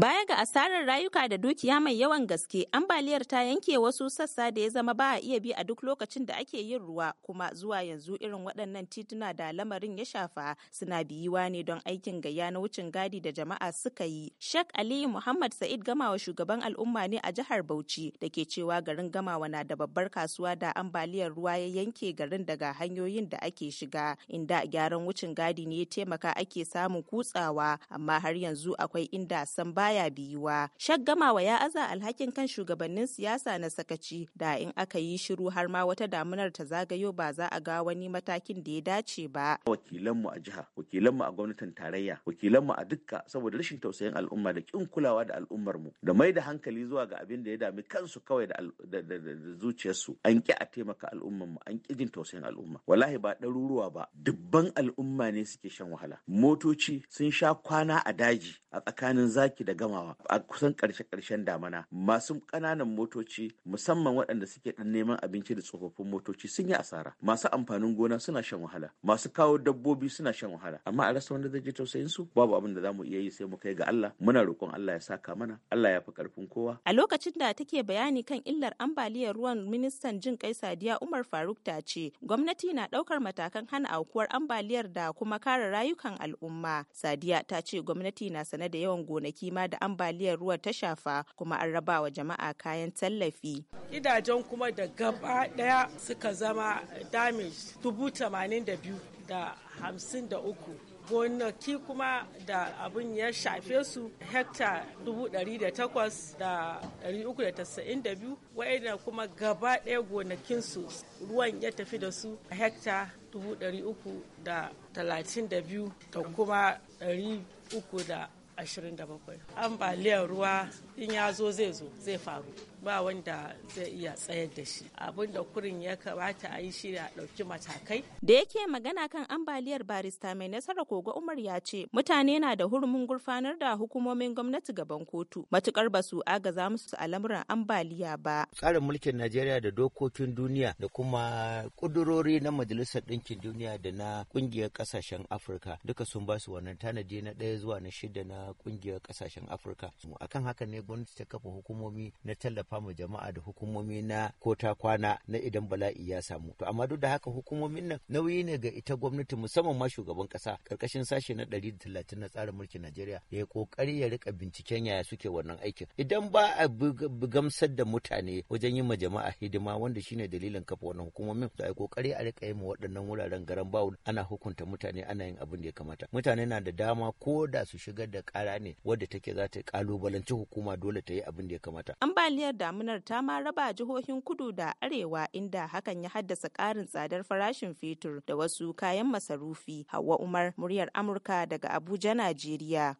Baya ga asarar rayuka da dukiya mai yawan gaske, ambaliyar ta yanke wasu sassa da ya zama ba a iya bi a duk lokacin da ake yin ruwa kuma zuwa yanzu irin waɗannan tituna da lamarin ya shafa suna biyuwa ne don aikin gaya na wucin gadi da jama'a suka yi. shek Aliyu Muhammad Sa'id Gamawa shugaban al'umma ne a jihar Bauchi da ke cewa garin Gamawa na da babbar kasuwa da ambaliyar ruwa ya yanke garin daga hanyoyin da ake shiga inda gyaran wucin gadi ne ya taimaka ake samun kutsawa amma har yanzu akwai inda san ba baya biyuwa. Shaggama ya aza alhakin kan shugabannin siyasa na sakaci da in aka yi shiru har ma wata damunar ta zagayo ba za a ga wani matakin da ya dace ba. Wakilanmu a jiha, wakilanmu a gwamnatin tarayya, wakilanmu a dukka saboda rashin tausayin al'umma da kin kulawa da al'ummarmu da mai da hankali zuwa ga abin da ya dami kansu kawai da zuciyarsu an ƙi a taimaka al'ummarmu an ƙi jin tausayin al'umma. Wallahi ba ɗaruruwa ba dubban al'umma ne suke shan wahala. Motoci sun sha kwana a daji a tsakanin zaki da gamawa a kusan karshe karshen damana masu ƙananan motoci musamman waɗanda suke ɗan neman abinci da tsofaffin motoci sun yi asara masu amfanin gona suna shan wahala masu kawo dabbobi suna shan wahala amma a rasa wanda zai je tausayin su babu abin da za mu iya yi sai mu kai ga Allah muna roƙon Allah ya saka mana Allah ya fi ƙarfin kowa a lokacin da take bayani kan illar ambaliyar ruwan ministan jin kai Sadiya Umar Faruk ta ce gwamnati na ɗaukar matakan hana aukuwar ambaliyar da kuma kare rayukan al'umma Sadiya ta ce gwamnati na sane da yawan gonaki ma kama da ambaliyar ruwa ta shafa kuma an raba wa jama'a kayan tallafi. Gidajen kuma da gaba daya suka zama damage dubu da hamsin da uku. Gonaki kuma da abin ya shafe su hekta 8,392 wa'ina kuma gaba ɗaya gonakinsu ruwan ya tafi da su hekta 332 da kuma 300 27 ambaliyar ruwa in ya zo zai zo zai faru ba wanda zai iya tsayar da shi abinda kurin ya kamata a yi shi a ɗauki matakai da yake magana kan ambaliyar barista mai nasara kogo umar ya ce mutane na da hurumin gurfanar da hukumomin gwamnati gaban kotu matukar ba su agaza musu al'amuran ambaliya ba tsarin mulkin najeriya da dokokin duniya da kuma kudurori na majalisar ɗinkin duniya da na ƙungiyar ƙasashen afirka duka sun ba su wannan tanadi na ɗaya zuwa na shida na kungiyar ƙasashen afirka akan haka ne gwamnati ta kafa hukumomi na tallafa ma jama'a da hukumomi na ko ta kwana na idan bala'i ya samu to amma duk da haka hukumomin nan nauyi ne ga ita gwamnati musamman ma shugaban kasa karkashin sashe na ɗari da talatin na tsarin mulkin Najeriya ya kokari ya rika binciken yaya suke wannan aikin idan ba a gamsar da mutane wajen yi ma jama'a hidima wanda shine dalilin kafa wannan hukumomin to ai kokari a rika yi ma waɗannan wuraren garan bawul ana hukunta mutane ana yin abin da ya kamata mutane na da dama ko da su shigar da kara ne wadda take za ta kalubalanci hukuma hukuma dole ta yi abin da ya kamata. Ambaliyar damunar ta ma raba jihohin kudu da arewa inda hakan ya haddasa ƙarin tsadar farashin fetur da wasu kayan masarufi. Hauwa Umar, muryar Amurka daga Abuja, Najeriya.